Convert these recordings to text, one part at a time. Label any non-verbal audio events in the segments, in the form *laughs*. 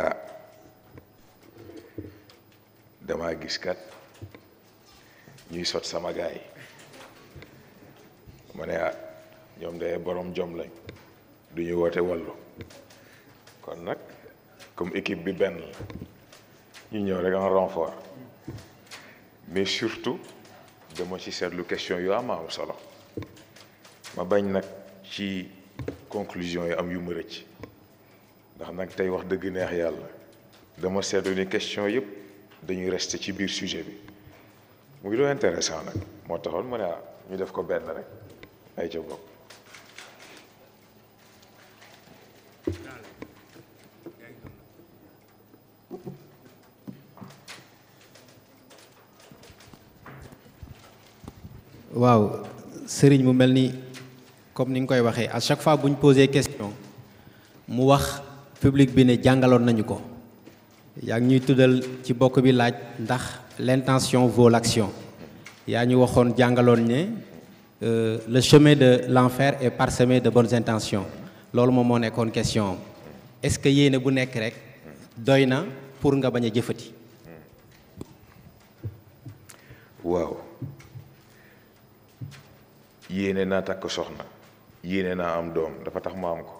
ah sommes gis kat ñuy sot sama gaay ma ne ah de borom jom comme équipe bi benn la ñu ñëw rek renfort mais surtout dama ci seetlu question yu am am ma bañ nag ci conclusion yi am ndax nag tey wax dëgg neex yàlla dama seetlu question yëpp dañuy rester ci biir sujet bi muy intéressant nag moo taxoon ma ne ah ñu def ko rek comme à chaque fois bu ñu question mu public bi ne jàngaloon nañu ko yaa ngi ñuy tuddal ci bokk bi laaj ndax l'intention vaut l'action yaa ñu waxoon jàngaloon ne euh, le chemin de l'enfer est parsemé de bonnes intentions loolu moom moo nekkoon question est-ce que yéene bu nekk rek doy na pour nga bañ a jëfati waaw yéene naa takk soxna yéene naa am doom dafa tax ma am ko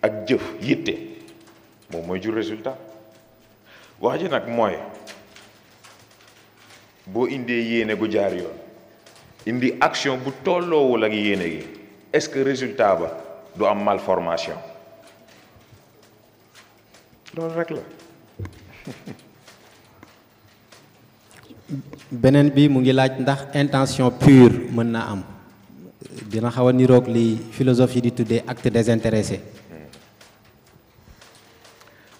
ak jëf yitté moom moy jur résultat waji nak moy bo boo indee gu jaar yoon indi action bu tolloowul ak yéene yi est-ce que résultat ba du am malformation loolu rek la. benen bi mu ngi laaj ndax intention pure mën na am dina xaw a niroog li philosophie di tuddee acte désintéressé.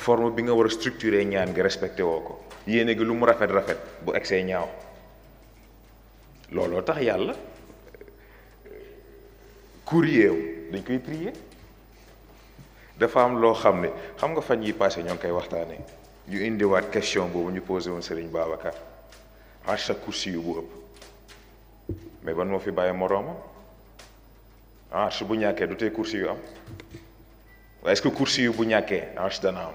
forme bi nga war a structurer ñaan gi respecté woo ko yéene gi lu mu rafet rafet bu egsee ñaaw looloo tax yàlla courrier dañ koy prier dafa am loo xam ne xam nga fan yi passé ñoo ngi koy waxtaanee ñu indiwaat question boobu ñu posé woon Serigne Babacar arsa kursi yu bu ëpp mais ban moo fi bàyyi moroomam arsh bu ñàkkee du tey kursi yu am waaye est-ce que kursi yu bu ñàkkee arsh dana am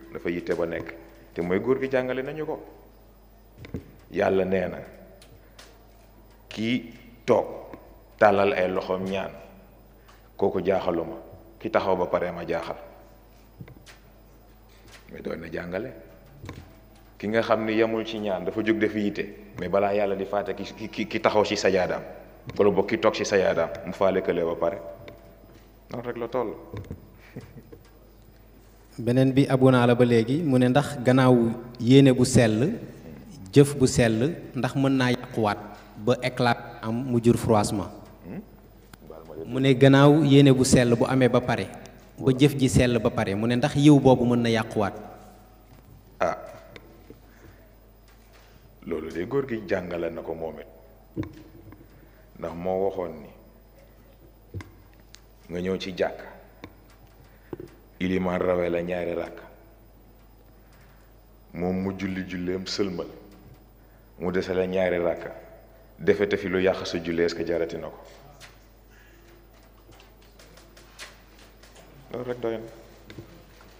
dafa yitte ba nekk te mooy góor gi jàngale nañu ko yàlla nee na kii toog tàllal ay loxoom ñaan kooku jaaxaluma ki taxaw ba pare am a jaaxal mais doon na jàngale ki nga xam ni yamul ci ñaan dafa jóg def yitte mais balaa yàlla di faate ki ki ki taxaw ci sajaadaam wala boog ki toog ci sajaadaam mu faale kële ba pare noonu rek la toll beneen bi abu naa la ba léegi mu ne ndax gannaaw yéene bu sell jëf bu sell ndax mën naa yàquwaat ba éclat am mu jur froissement mu ne gannaaw yéene bu sell bu amee ba pare ba jëf ji sell ba pare mu ne ndax yiw boobu mën na yàquwaat ah loolu de góor gi jàngale na ko moom ndax moo waxoon ni nga ñëw ci jàkk Ili rawee la ñaari rakk moom mu julli julleem sëlmal mu dese ñaari rakk defete fi lu yàq sa jullee est-ce jarati na ko rek doy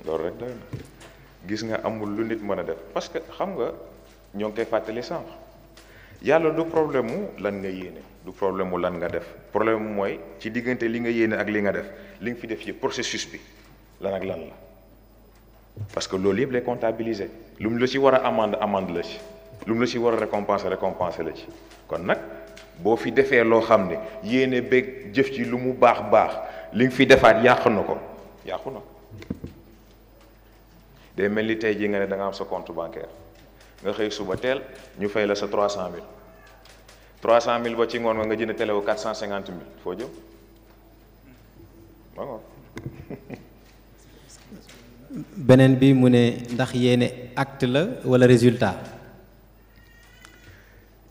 rek gis nga amul lu nit mën def parce que xam nga ñoo ngi koy du problème lan nga yéene du problème lan nga def problème mooy ci diggante li nga yéene ak li nga def li fi def processus bi lan ak lan la parce que loolu yëpp lay comptabiliser lu mu la ci war a amende amende la ci lu mu la ci war a récompenser récompenser la ci kon nag boo fi defee loo xam ne yéene beeg jëf ci lu mu baax baax li nga fi defaat yàq na ko yàqu na day mel ni tey jii nga ne da nga am sa compte bancaire nga xëy suba teel ñu fay la sa 300000 300000 ba ci ngoon nga nga jënd télé wu 450000 foo jëm ma ngoon *laughs* beneen bi mu ne ndax yéene acte la walla résultat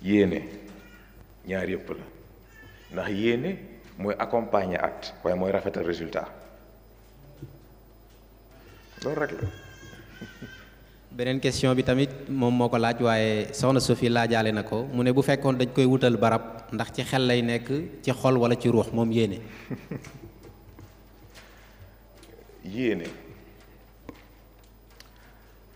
yéene ñaar yëpp la ndax yéene mooy accompagner acte waaye mooy rafetal résultat loolu rek la *laughs* beneen question bi tamit moom moo ko laaj waaye soxna Sophie laajaale na ko mu ne bu fekkoon dañ koy wutal barab ndax ci xel lay nekk ci xol walla ci ruux moom yéene *laughs* yéene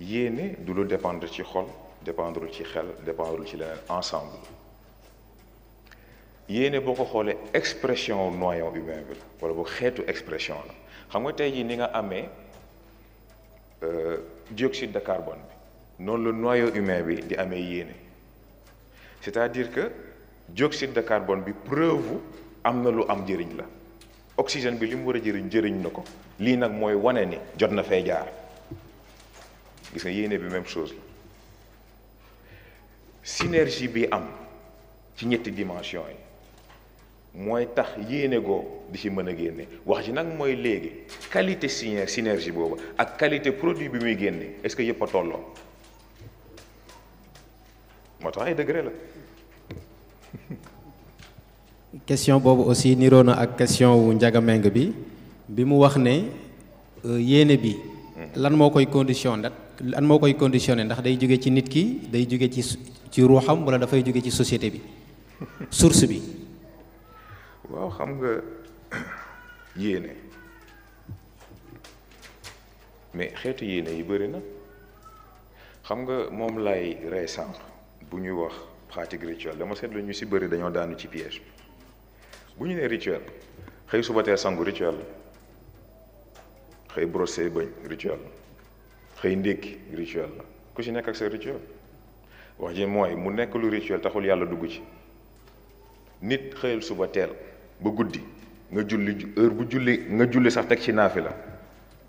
yéene du lu dépendre ci xol dépendre ci xel dépendre ci leneen ensemble yéene boo ko xoolee expression noyon humain bi la wala bu xeetu expression la xam nga tey jii ni nga amee euh, dioxyde de carbone bi noonu le noyau humain bi di amee yéene c'est-à-dire que dioxyde de carbone bi preuve am na lu am jëriñ la oxygène bi li mu war a jëriñ jëriñ na ko lii nag mooy wane ni jot na fay jaar gis nga bi même chose la synergie bi am ci ñetti dimension yi mooy tax yéene goo ci mën a wax ji nag mooy léegi qualité synergie et ak qualité produit bi est-ce que yëpp a tolloo ay degré la. *laughs* question aussi Nirona na ak question wu njagameng bi bi mu wax ne euh, yéene bi. Hmm. lan condition lan moo koy conditionné ndax day jóge ci nit ki day jóge ci ci ruuxam wala dafay jóge ci société bi source bi waaw xam nga *clears throat* yéene mais xeetu yéene yi bëri na xam nga moom lay rey sànq bu ñuy wax pratique rituelle dama seetlu ñu si bëri dañoo daanu ci piège bu ñu nee rituel xëy suba teel sangu rituel xëy brosser bañ rituel xëy ndékki rituel la ku ci nekk ak sa rituel wax ji mooy mu nekk lu rituel taxul yàlla dugg ci nit xëyal suba teel ba guddi nga julli heure bu julli nga julli sax teg ci naafi la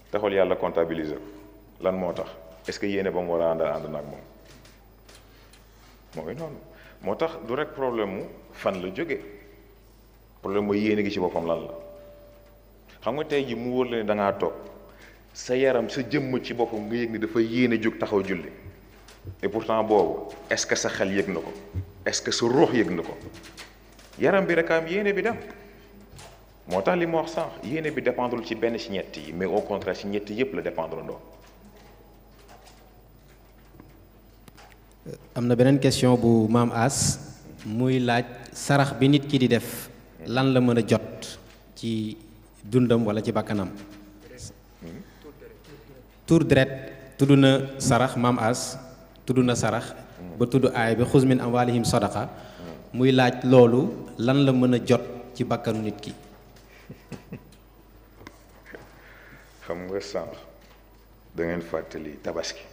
taxul yàlla comptabiliser ko lan moo tax est-ce que yéene ba mu war a àndal ànd naag moom mooy noonu moo tax du rek problème mu fan la jóge problème mooy yéene gi ci boppam lan la xam nga tey ji mu wóor la ne da toog Sayaram yaram sa jëmm ci boppam nga yëg ni dafa yéene jóg taxaw julli et pourtant boobu est-ce que sa xel yëg na est-ce que sa ruux yëg na yaram bi rek am yéene bi dem moo tax li ma wax sànq yéene bi dépendrul ci benn ci ñett mais au contraire ci ñett la dépendre ndoo euh, am na question bu mam As muy laaj sarax bi nit ki di def lan la mën jot ci dundam walla ci bakkanam tour deret tudd na sarax maam as tudd na sarax ba tudd aay bi xus min amwaalihim sadaqa muy laaj loolu lan la mën a jot ci bakkanu nit ki xam nga sànq da ngeen fàttali tabaski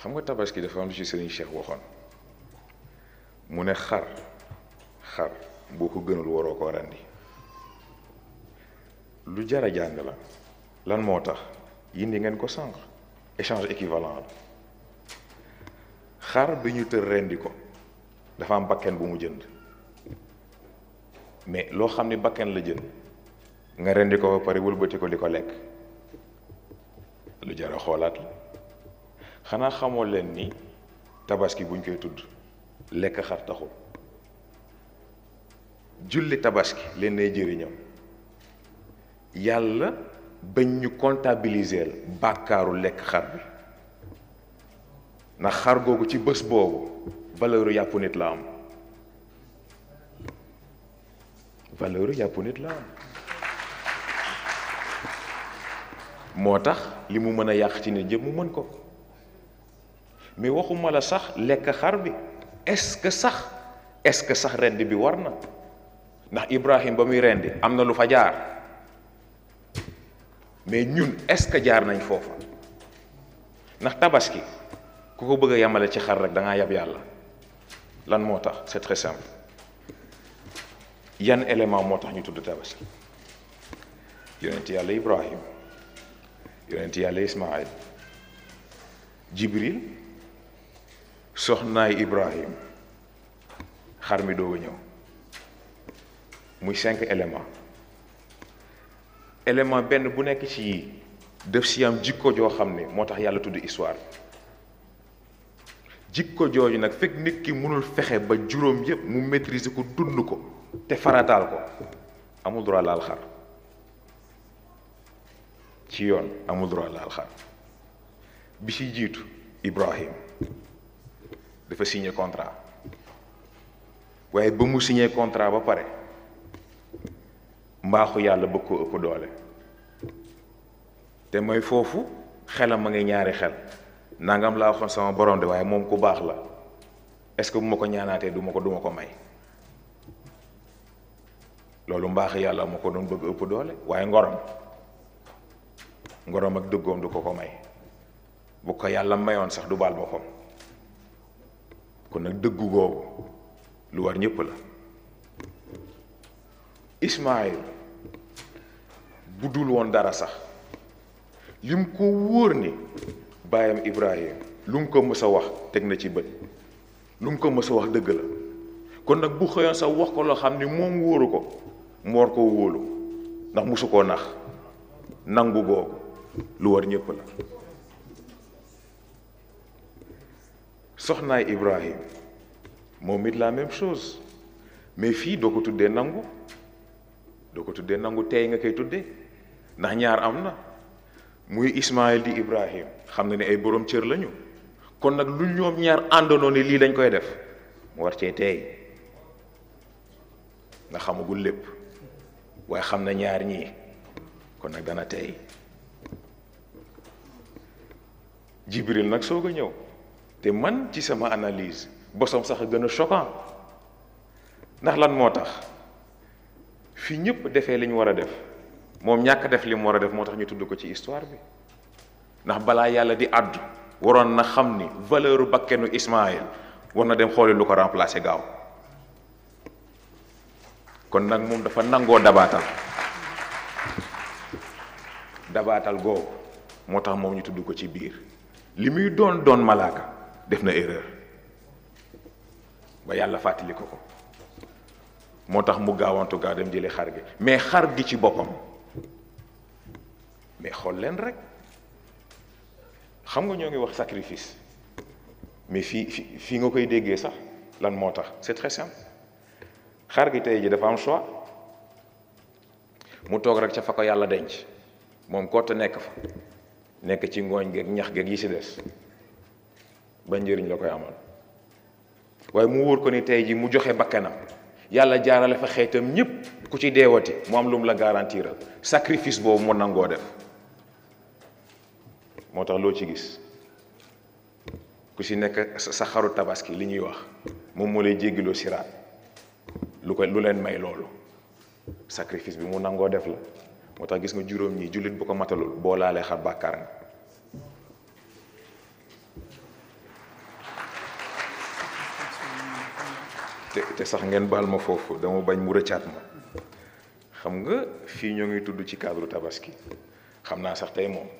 xam nga tabaski dafa am lu ci sëriñ waxoon mu ne xar xar boo ko gënul waroo ko rendi lu jara jàng la lan moo tax yindi ngeen ko sànq échange équivalent la xar bi ñu tër rendi ko dafa am bakken bu mu jënd mais loo ni bakken la jënd nga rendi ko ba pare wëlbati ko di ko lu ni tabaski buñ koy tudd lekk xar taxul julli tabaski leen nay jëriñam bañ ñu comptabiliser bàkkaaru lekk xar bi ndax xar googu ci bés boobu valeur yàppu nit la am valeur yàppu nit la am moo tax li mu mën a yàq ci ne yëpp mu mën ko mais waxuma la sax lekk xar bi est-ce sax est-ce que sax rend bi war na ndax Ibrahim ba muy rendi am na lu fa jaar mais ñun est-ce que jaar nañ foofa ndax tabaski ku ko bëgg a yemale ci xar rek da ngaa yab yàlla lan moo tax c'est très yan élément moo tax ñu tudd tabaski yonent yàlla Ibrahim yonent yàlla Ismaïl Jibril soxnaay Ibrahim xar mi doog a ñëw muy cinq élément élément ben bu nek ci def ci am jikko jo xamne motax yàlla tuddu histoire jikko joju nak fek nit ki mënul fexe ba jurom yépp mu maîtriser ko dund ko te faratal ko amul droit laal xar ci yoon amul droit laal xar bi ci jitu Ibrahim dafa signé contrat waye ba mu signé contrat ba pare mbaxu yàlla bëgg ko ëpp doole te mooy foofu xelam ma ngi ñaari xel nangam laa waxoon sama borom de waaye moom ku baax la est-ce que bu ma ko ñaanaatee du ma ko du ko may loolu mbaax yàlla ma ko doon bëgg ëpp doole waaye ngorom ngorom ak dëggoom du ko ko may bu ko yàlla mayoon sax du baal boppam kon nag dëggu googu lu war ñëpp la Ismaayil bu dul woon dara sax lim ko wóor ni baayam Ibrahim lu mu ko mës a wax teg na ci bët lu mu ko mësa wax dëgg la kon nag bu xëyoon sax wax ko loo xam ni moom wóoru ko mu war koo wóolu ndax mosu koo nax nangu googu lu war ñëpp la soxnaay Ibrahim moom it la même chose mais fii doo ko tuddee nangu doo ko tuddee nangu tey nga koy tudde ndax ñaar am na muy ismaïl di ibrahim xam na ni ay borom cër lañu kon nag lu ñoom ñaar àndandoo ne lii dañ koy def mu war cee teey nga xamagul lépp waaye xam ñaar ñii kon nag dana jibril nag soog a ñëw te man ci sama analyse bosom sax gën a choquant ndax lan moo tax fi ñëpp defee li ñu def moom ñàkk def li mu war a def moo tax ñu tudd ko ci histoire bi ndax balaa yàlla di àddu waroon na xam ni valeur bakkenu Ismaël war na dem xooli lu ko remplacer gaaw kon nag moom dafa nangoo dabaatal dabaatal googu moo tax moom ñu tudd ko ci biir li muy doon doon malaaka def na erreur ba yàlla fàttali ko ko moo tax mu gaawantu gaaw dem jëli xar gi mais xar gi ci boppam mais xol len rek xam nga ñoo ngi wax sacrifice mais fingo fi nga koy déggé sax lan moo tax c'est très simple xar gi tey ji dafa am choix mu tok rek ci fa ko yalla denc ko koote nek fa nek ci ngoñ gek ñax gek yi ci des ba njëriñ la koy amal way mu wóor ko ni tey ji mu joxe bakkanam yalla jaarale fa xéetam ñepp ku ci déwoti mu am la garantiral sacrifice bobu mo nango def moo tax loo ci gis ku si nekk sa xaru tabaski li ñuy wax moom moo lay jéggiloo siraat lu ko lu leen may loolu sacrifice bi mu nangoo def la moo tax gis ma juróom ñi jullit bu ko matalul boo laalee xar bàkkaar nga te sax ngeen baal ma foofu dama bañ mu rëccaat ma xam nga fii ñoo ngi tudd ci cadre tabaski xam naa sax tey moom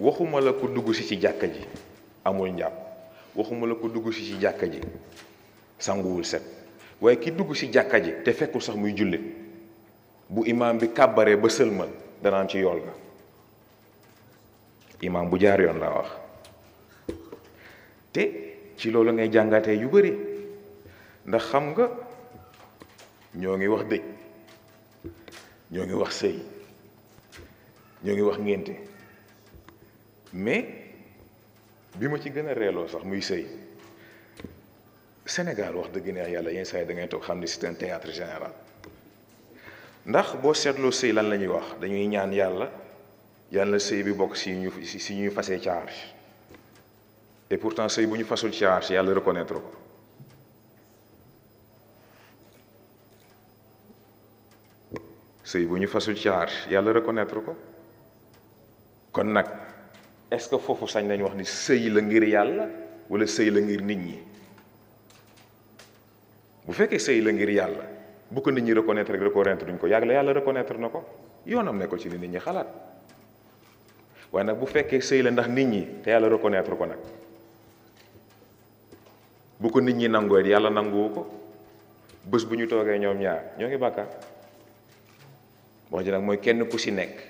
waxuma la ko dugg si ci jakka ji amul ñap waxuma la ko dugg si ci jakka ji sanguwul set waaye ki dugg si jakka ji te fekk sax muy bu Imam bi kabaré ba da danaan ci yol ga imam bu jaar yon la wax te ci lolu ngay jangate yu bari ndax xam nga ñogi wax ñogi wax sey ñogi wax ngenté mais bi ma ci gën a reeloo sax muy sëy Sénégal wax dëgg neex yàlla yenn saa yi da ngay toog xam ne c'est théâtre général ndax boo seetloo sëy lan la ñuy wax dañuy ñaan yàlla yàlla sëy bi bokk si ñu si ñuy fasee charge et pourtant sëy bu ñu fasul charge yàlla reconnaître ko sëy bu ñu fasul charge yàlla reconnaître ko kon nag. est-ce que foofu sañ nañ wax ni sëy la ngir yàlla wala sëy la ngir nit ñi bu fekkee sëy la ngir yàlla bu ko nit ñi reconnaître rek reconnaître duñ ko yàgg la yàlla reconnaître na ko yoonam ne ko ci nit ñi xalaat waaye nag bu fekkee sëy la ndax nit ñi te yàlla reconnaître ko nag bu ko nit ñi nangoo yàlla nanguwu ko bés bu ñu toogee ñoom ñaar ñoo ngi ji kenn ku nekk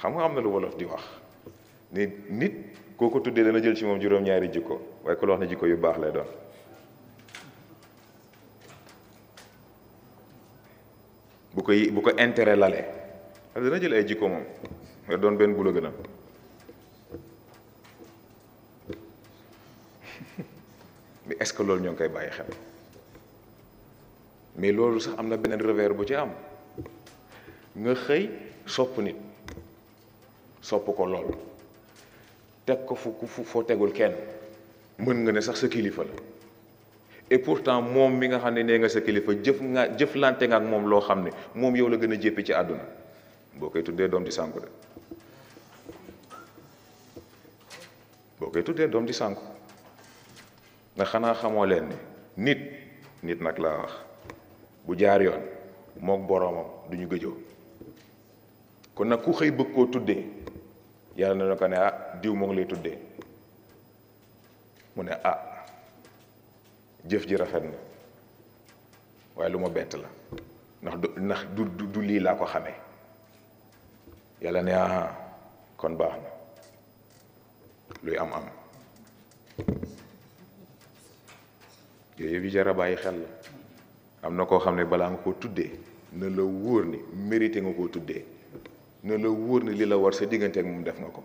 xam nga am na lu wolof di wax ni nit koo ko tuddee dana jël ci moom juróom-ñaari jikko waaye ku la wax ne jikko yu baax lay doon bu ko bu ko intérêt lalee dana jël ay jikko moom nga doon benn bu la gën a *laughs* mais est-ce que loolu ñoo ngi koy bàyyi xel mais loolu sax am na beneen revers bu ci am nga xëy sopp nit sopp ko loolu teg ko fu fu foo tegul kenn mën nga ne sax sa kilifa la et pourtant moom mi nga xam ne nee nga sa kilifa jëf nga jëflante nga ak moom loo xam ne moom yow la gën a jéppi ci àdduna boo koy tuddee doom di sànku de tuddee doom di sànku nga xanaa xamoo leen ne nit nit nag laa wax bu jaar yoon mook boroomam du ñu gëjoo kon nag ku xëy bëgg koo tuddee yàlla na ne ko ne ah diw moo ngi lay tuddee mu ne ah jëf ji rafet na waaye lu ma bett la ndax du ndax du du lii laa ko xamee yàlla ne ah kon baax na luy am am yooyu yëpp yi a bàyyi xel la am na koo xam ne balaa nga koo tuddee na la wóor ni mérité nga koo tuddee ne la wóor ne li la war sa diggante ak moom def nga ko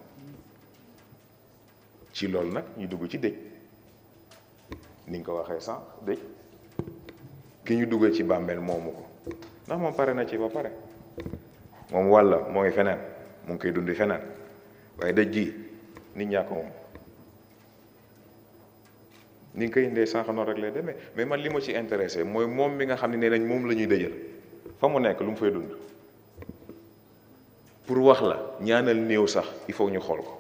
ci loolu nag ñu dugg ci dëj ni nga ko waxee san dëj ki ñu duggee ci bàmmeel moomu ko ndax moom pare na ci ba pare moom walla moo ngi feneen mu ngi koy dundi feneen waaye dëj ji nit ñaa ko moom ni nga koy indee sànq noonu rek lay mais man li ma ci intéressé mooy moom mi nga xam ne nee nañ moom la ñuy dëjal fa mu nekk lu mu fay dund pour wax la ñaanal neew sax il faut ñu xol ko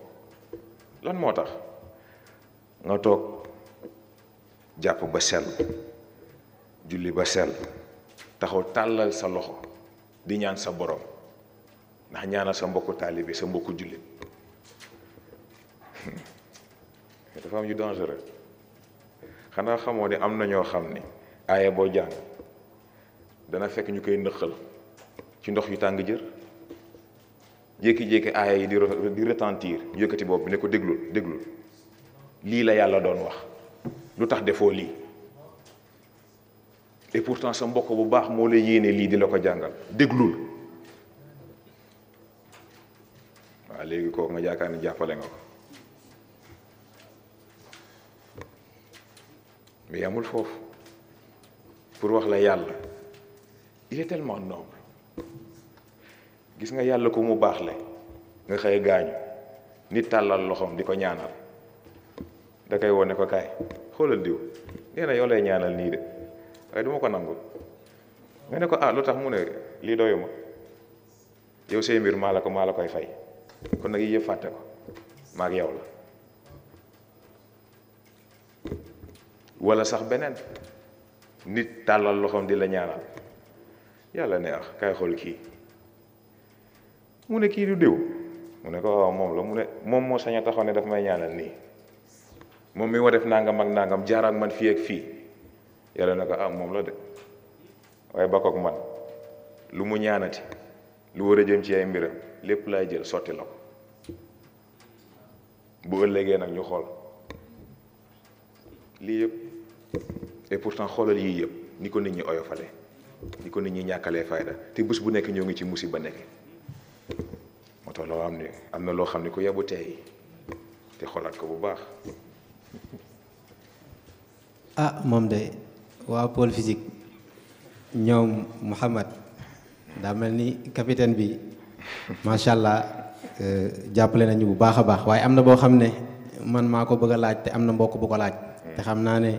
lan motax nga tok japp ba sel julli ba sel taxaw talal sa loxo di ñaan sa borom ndax ñaana sa mbokk taalibe sa julli *laughs* da fa am yu dangereux xana xamone am na ño xamni aya bo jang dana fekk ñukay koy ci ndox yu tang jeur jékki-jékki di retentir yëkkati C'est ne ko déglul la yalla don wax et pourtant sa mbokk bu bax mo lay yéene li di la ko léegi nga nga ko mais amul pour wax la yalla. il est tellement noble gis nga yàlla ko mu baax le nga xëy gaañu nit tàllal loxoom di ko ñaanal da koy wone ko kaay xoolal diw nee yow lay ñaanal nii de waaye du ko nangu nga ne ko ah lu tax mu ne lii doyuma yow say mbir maa la ko maa la koy fay kon nag yëpp fàtte ko maag yow la wala sax beneen nit tàllal loxoom di la ñaanal yàlla ne ah kaay xool kii mu ne kii du diw mu ne ko waaw moom la mu ne moom moo sañ a taxaw ne daf may ñaanal nii moom mi ma def nangam ak nangam jaar ak man fii ak fii yàlla na ko ah moom la de waaye ba ak man lu mu ñaanati lu war a jëm ci ay mbiram lépp laay jël sotti la ko bu ëllëgee nag ñu xool lii yëpp et eh, pourtant xoolal yii yëpp ni ko nit ñi oyofale ni ko nit ñi ñàkkalee fayda te bés bu nekk ñoo ngi ci musiba nekk tax lo xam amna lo na ko xam tay te xolat ko bu baax ah mom de wa pole physique ñom mohammed da melni ni capitaine bi macha allah eh, jàppale nañu bu baaxa a baax waye amna bo xamne man mako bëgg laaj te amna mbokk bu ko laaj te xamna ne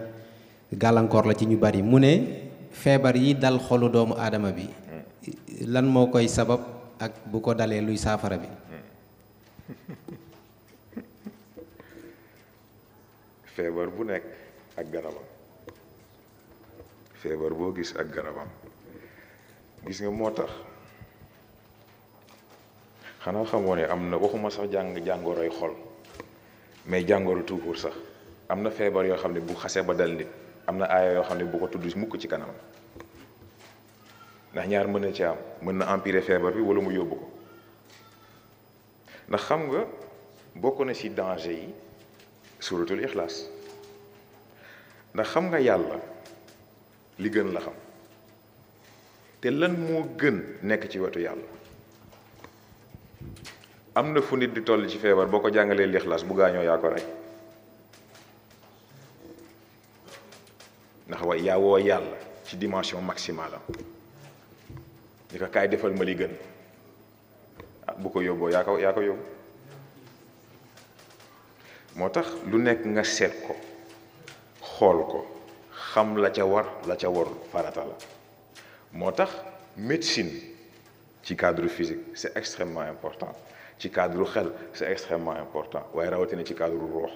la ci ñu bari mu ne yi dal xolu doomu adama bi lan mo koy sabab ak bu ko dalee luy saafara bi feebar bu nekk ak garabam feebar boo gis ak garabam gis nga moo tax xanaa xamoo ne am na waxuma sax jàng jàngoroy xol mais jàngoro tuukur sax am na feebar yoo xam ne bu xase ba dal nit am na aaya yoo xam ne bu ko tudd mukk ci kanam ndax ñaar mën na ci am mën na empirer feebar bi wala mu yóbbu ko ndax xam nga bokk na ci danger yi suratul ikhlas ndax xam nga yàlla li gën la xam te lan moo gën nekk ci wetu yàlla am na fu nit di toll ci feebar boo ko jàngalee lixlaas bu gaañoo yaa ko rey ndax wa yaa woo yàlla ci dimension maximale am ni ko kaay defal ma li gën ah bu ko yóbboo yaa ko yaa ko yóbbu moo tax lu nekk nga seet ko xool ko xam la ca war la ca warul farata la moo tax médecine ci cadre physique c'est extrêmement important ci cadre xel c'est extrêmement important waaye rawatina ci cadre ruux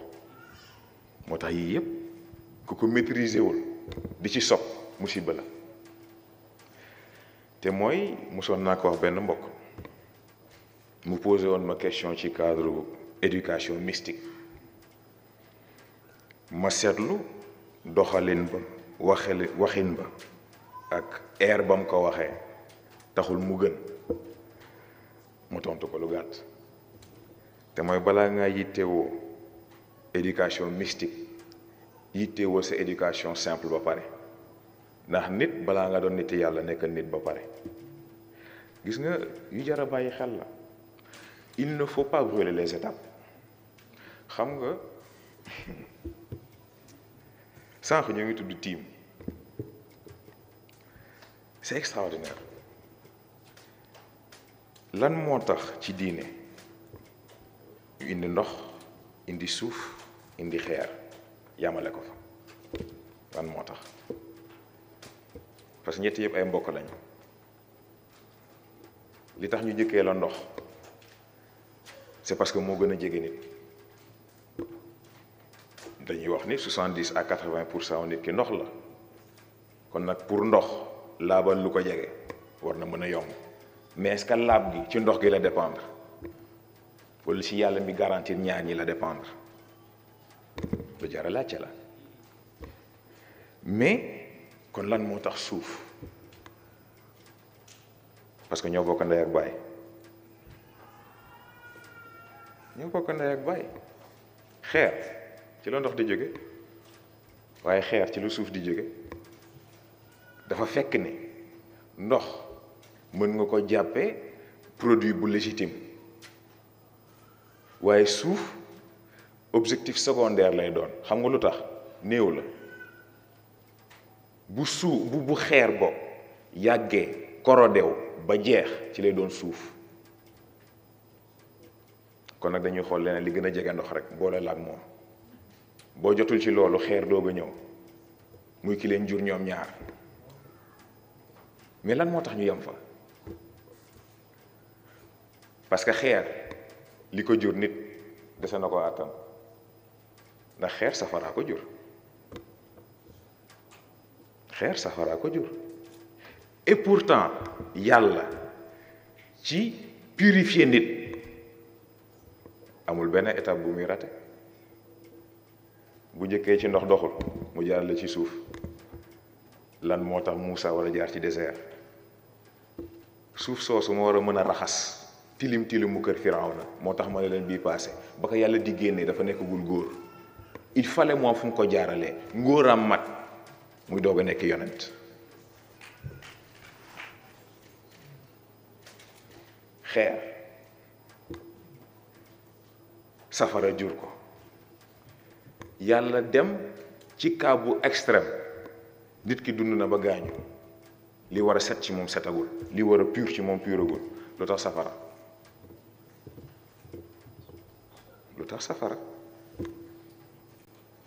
moo tax yii yëpp ku ko maîtriser wul di ci sopp musiba la te mooy mosoon naa ko wax benn mbokk mu posé ma question ci cadre éducation mystique ma seetlu doxalin ba waxele waxin ba ak air bam mu ko waxee taxul mu gën mu tontu ko éducation mystique yittewoo sa éducation simple ba ndax nit bala nga doon nit yàlla nekk nit ba pare gis nga yu jar a bàyyi xel la il ne faut pas brûler les étapes xam nga *laughs* sànq ñoo ngi tudd tiim c'est extraordinaire lan moo tax ci diine ñu indi ndox indi suuf indi xeer yamale ko fa lan moo tax parce que ñett yëpp ay mbokk lañ li tax ñu njëkkee la ndox c'est parce que mo gëna a nit dañuy wax ni 70 à 80 nit ki ndox la kon nak pour ndox laabal lu ko jege war na mëna yom mais est-ce que laab gi ci ndox gi la dépendre wala ci yalla mi garantir ñaar ñi la dépendre lu jara la ci la mais. kon lan moo tax suuf parce que ñoo bokk ndey ak bay ñoo bokk ndey ak bay xeer ci lo ndox di jóge waye xeer ci lu souf di jóge dafa fekk ne ndox mën nga ko jappé produit bu légitime waye souf objectif secondaire lay doon xam nga lutax tax néew la bu suu bu bu xeer bo yàggee korodew ba jeex ci lay doon suuf kon nag dañuy xool leneen li gën a jege ndox rek boole laag moom boo jotul ci loolu xeer doog a ñëw muy ki leen jur ñoom ñaar mais lan moo ñu yem fa parce que xeer jur nit na ko àttan xeer ko jur xeer safara ko jur et pourtant yàlla ci purifier nit amul benn étape bu muy raté bu njëkkee ci ndox doxul mu jaar ci suuf lan moo tax Moussa war a jaar ci désert suuf soosu moo war a mën a raxas tilim tilim mu kër Firawna moo tax ma ne leen bii passé ba ko yàlla di génnee dafa nekk gul góor il fallait moom fu mu ko jaaralee ngóoram mat muy doog a nekk yonent xeer safara jur ko yàlla dem ci kaabu extrême nit ki dund na ba gaañu li war a set ci moom setagul li war a pur ci moom puragul lu tax safara lu tax safara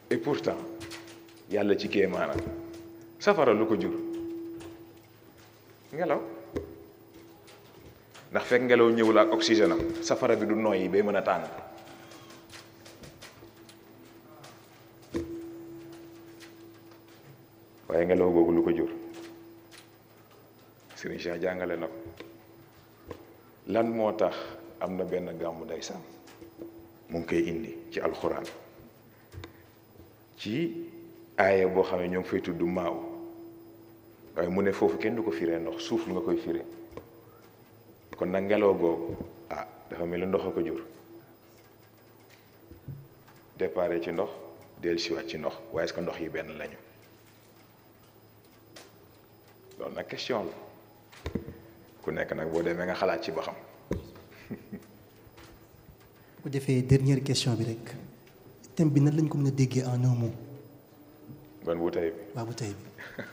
et pourtant yàlla ci kéemaanam safara lu ko jur ngelaw ndax fekk ngelaw ñëwul ak oxygène safara bi du yi bay mën a tàng waaye ngelaw googu lu ko jur Serigne jàngale na ko lan moo tax am na benn gàmmu ndeysaan mu ngi koy indi ci alxuraan ci aaya boo xam ne ñoo ngi fay tudd maaw waaye mu ne foofu kenn du ko firee ndox suuf lu nga koy firee kon nag ngelaw googu ah dafa mel ni ndox a ko jur déparé ci ndox dellusiwaat ci ndox waaye est-ce ndox yi benn lañu loolu nag question la ku nekk nag boo demee nga xalaat ci ba xam. *laughs* bu defee dernière question bi rek thème bi nan lañ ko mën a déggee en un ban bu tey bi bu tey bi.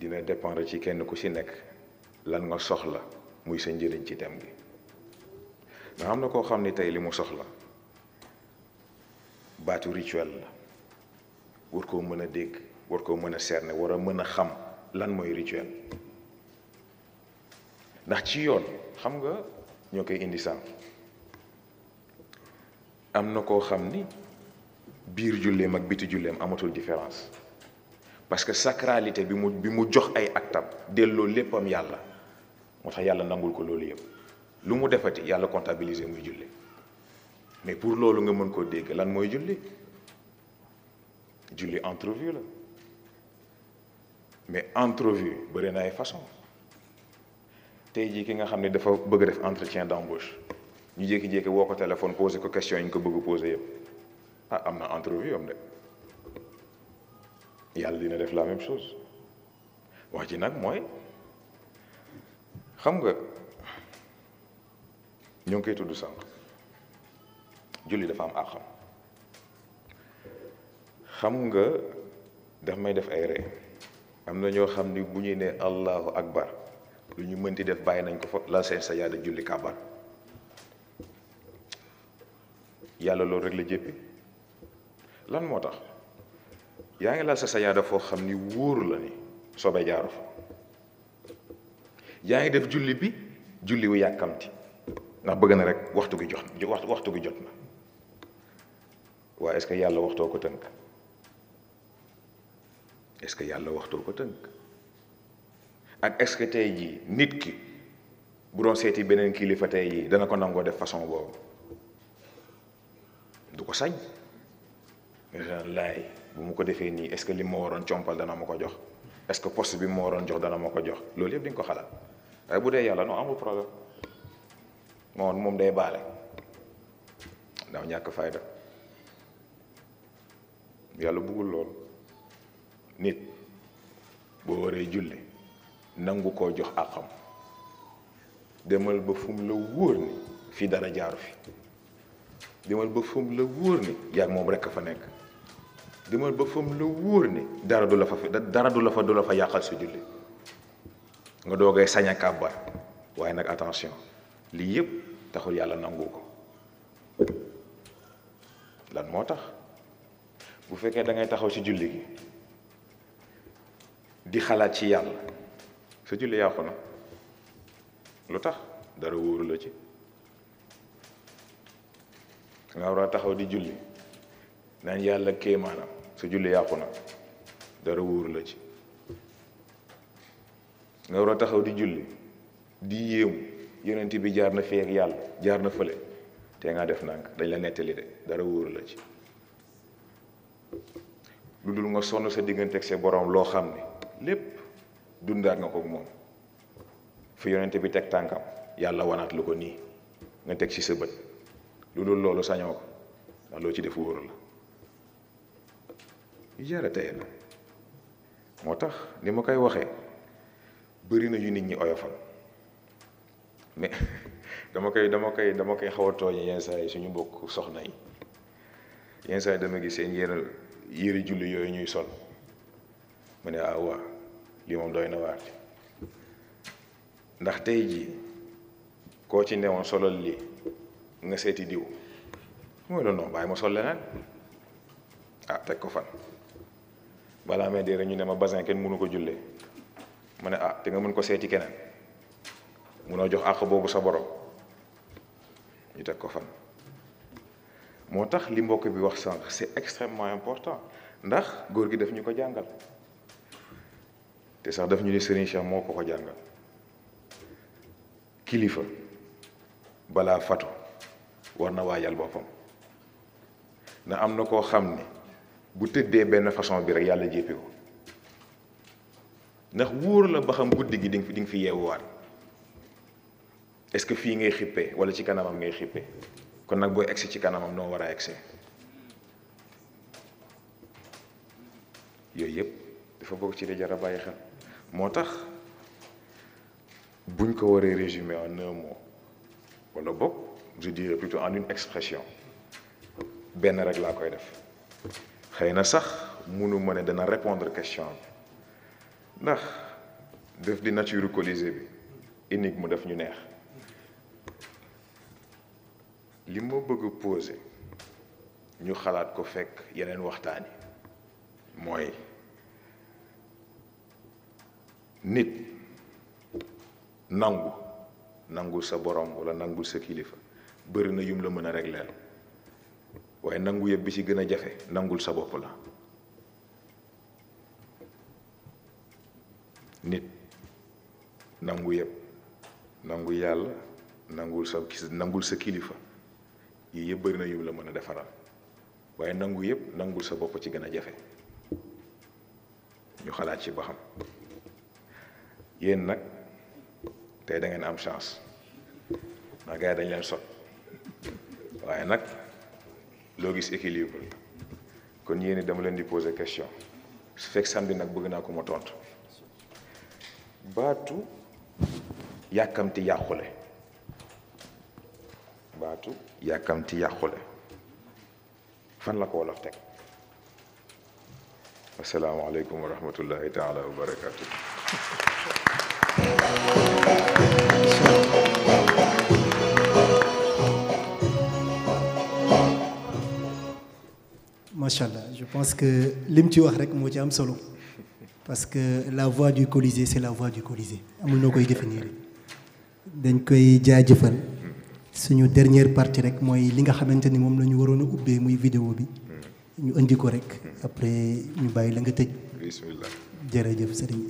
dina dépendre ci kenn ku ci nekk lan nga soxla muy sa njëriñ ci dem bi mais am na koo xam ni tey li mu soxla baatu rituel la war koo mën a dégg war koo mën a cerner war a mën a xam lan mooy rituel ndax ci yoon xam nga ñoo koy indi sànq am na koo xam ni biir julleem ak biti julleem amatul différence parce que sacralité bi mu bi mu jox ay nangul ko lu mu defati comptabiliser muy julli mais pour lolou nga mën ko dégg julli julli entrevue mais entrevue façon ki nga dafa bëgg entretien d'embauche ñu ko téléphone poser ko question ko bëgg poser ah entrevue yàlla dina def la même chose wax ji nag mooy xam nga ñoo koy tudd sànq julli dafa am àqam xam nga daf may def ay ree am na ñoo xam ni bu ñu nee allahu akbar lu ñu mënti def bàyyi nañ ko fa la seen sa yàlla julli kàbbar yàlla loolu rek la jéppi lan moo tax yaa ngi laal sa sajaada foo xam ni wóoru la ni sobe jaaru fa yaa ngi def julli bi julli wu yàkkamti ndax bëgg na rek waxtu gi jot waxtu gi jot na waaye est yàlla waxtoo ko tënk est-ce que yàlla waxtoo ko tënk ak est-ce que tey jii nit ki bu doon seeti beneen kilifa tey jii dana ko nangoo def façon boobu du ko sañ laay bu mu ko defee nii est-ce que li ma waroon compal dana ma ko jox est-ce que poste bi ma waroon jox dana ma ko jox loolu yëpp di ko xalaat waaye bu dee yàlla non amul problème moom moom day baale ndaw ñàkk fayda yàlla bëggul lool nit boo waree julli nangu koo jox àqam demal ba fu mu la wóor ni fii dara jaaru fi demal ba fu mu la wóor ni yàgg moom rekk fa nekk demal ba fam la wóor ne dara du la fa dara du la fa du la fa yaqal su julli nga dogay saña kaba waye nak attention li yeb taxul yalla nangu ko lan motax bu fekke da ngay taxaw ci julli gi di xalaat ci yalla su julli ya na lutax dara woru la ci nga wara taxaw di julli yalla ke manam su julli yàqu na dara wóor la ci nga taxaw di julli di yéemu yonent bi jaar na fii ak yàlla jaar na fële te nga def nànk dañ la nettali de dara wóor la ci lu dul nga sonn sa diggante ak sa borom loo xam ne lépp nga ko moom fi yonent bi teg tànkam yàlla wanaat lu ko nga ci sa sañoo ci def la yaratee na moo tax ni ma koy waxee bëri na yu nit ñi oyofal mais *laughs* dama koy dama koy dama koy xaw a tooñe yenn saa yi suñu mbokk soxna yi yenn saa yi dama gis seen yére yére julli yooyu ñuy sol ma ne ah waa lii moom doy na waat ndax tey jii koo ci newoon solal lii nga seeti diw mooy doon non bàyyi ma sol leneen ah teg ko fan balaa may dee rek ñu ne ma basin kenn mënu ko jullee mu ne ah te nga mën ko seeti keneen munoo jox àq boobu sa borom ñu teg ko fan. moo tax li mbokk bi wax sànq c'est extrêmement important ndax góor gi daf ñu ko jàngal te sax daf ñu ne Serigne Cheikh moo ko ko jàngal kilifa balaa fatu war na waajal boppam na am na koo xam ni. bu tëddee benn façon bi rek yàlla jéppi ko ndax wóor la ba xam guddi gi di nga fi di nga fi yeewuwaat est-ce que fii ngay xippee walla ci kanamam ngay xippe kon nag boo egsi ci kanamam noo war a egsi yooyu yëpp dafa bokk ci li jar a bàyyi xel moo tax buñ ko waree résumer en un walla bokk je dirais plutôt en une expression benn rek laa koy def. xëy na sax munu ma ne dana répondre question bi ndax def di nature colisée bi énigme daf ñu neex li ma bëgg a ñu xalaat ko fekk yeneen waxtaan mooy nit nangu nangu sa boroom wala nangu sa kilifa bëri na yum la mën a régleel waaye nangu yëpp bi ci gën a jafe nangul sa bopp la nit nangu yëpp nangu yàlla nangul sa nangul sa kilifa yii yëpp bëri na yu la mën a defaral waaye nangu yëpp nangul sa bopp ci gën a jafe ñu xalaat ci ba xam yéen nag tey da ngeen am chance ndax gars dañ leen sot waaye nag Logis gis équilibre kon yéen dama leen di poser question su samedi y bëgg comme ko y tontu a fan la ko wa rahmatullahi wa barakatuh. macha je pense que li mu ci wax rek moo ci am solo parce que la voix du Colisée c'est la voix du Colisée amul noo koy définir dañ koy jaajëfal suñu dernière partie rek mooy li nga xamante ni moom la ñu waroon a ubbee muy vidéo bi ñu indi ko rek après ñu bàyyi la nga tëj. bismillah jërëjëf sëriñ.